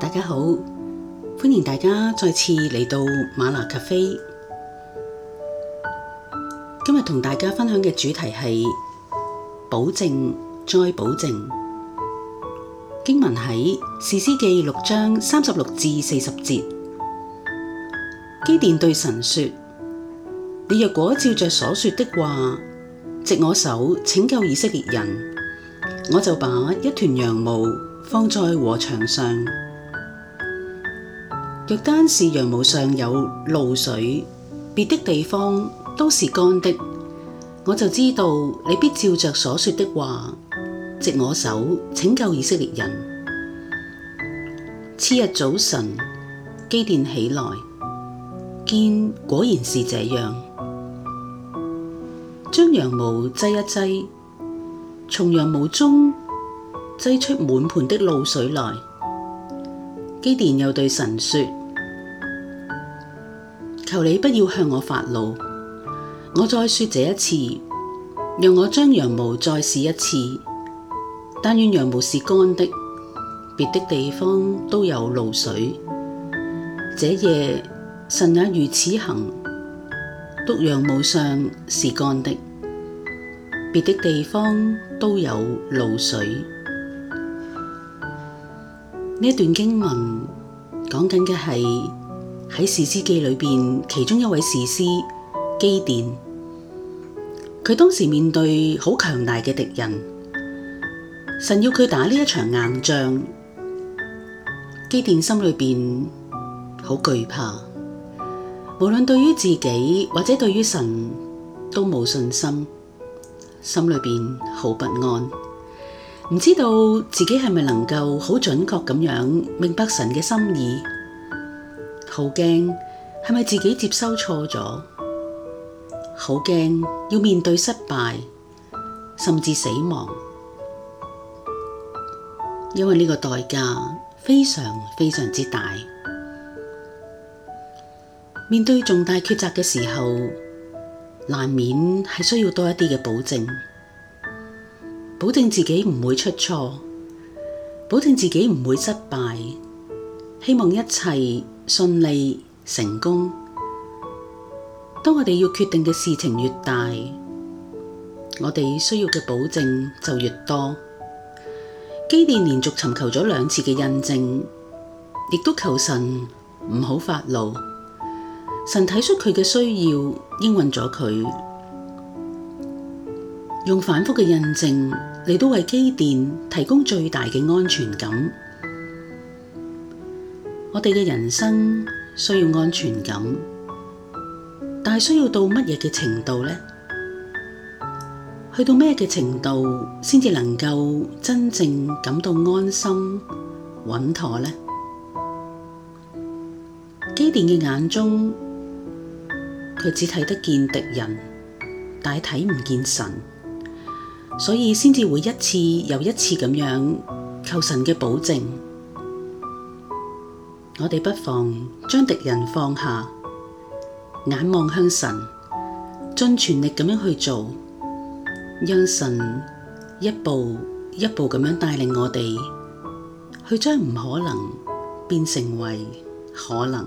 大家好，歡迎大家再次嚟到馬拿咖啡。今日同大家分享嘅主題係保證再保證，經文喺士師記六章三十六至四十節。基甸對神說：你若果照着所說的話，藉我手拯救以色列人，我就把一團羊毛放在禾場上。若單是羊毛上有露水，別的地方都是乾的，我就知道你必照着所說的話，藉我手拯救以色列人。次日早晨，基甸起來，見果然是這樣，將羊毛擠一擠，從羊毛中擠出滿盆的露水來。基甸又對神說。求你不要向我發怒，我再說這一次，讓我將羊毛再試一次。但願羊毛是乾的，別的地方都有露水。這夜神也如此行，督羊毛上是乾的，別的地方都有露水。呢段經文講緊嘅係。喺士師記裏面，其中一位士師基甸，佢當時面對好強大嘅敵人，神要佢打呢一場硬仗，基甸心裏面好懼怕，無論對於自己或者對於神都冇信心，心裏面好不安，唔知道自己係咪能夠好準確咁樣明白神嘅心意。好驚係咪自己接收錯咗？好驚要面對失敗，甚至死亡，因為呢個代價非常非常之大。面對重大抉擇嘅時候，難免係需要多一啲嘅保證，保證自己唔會出錯，保證自己唔會失敗，希望一切。順利成功。當我哋要決定嘅事情越大，我哋需要嘅保證就越多。基甸連續尋求咗兩次嘅印證，亦都求神唔好發怒。神睇出佢嘅需要，應允咗佢，用反覆嘅印證，嚟都為基甸提供最大嘅安全感。我哋嘅人生需要安全感，但係需要到乜嘢嘅程度呢？去到咩嘅程度先至能夠真正感到安心、穩妥呢？基甸嘅眼中，佢只睇得見敵人，但係睇唔見神，所以先至會一次又一次咁樣求神嘅保證。我哋不妨將敵人放下，眼望向神，盡全力咁樣去做，讓神一步一步咁樣帶領我哋，去將唔可能變成為可能。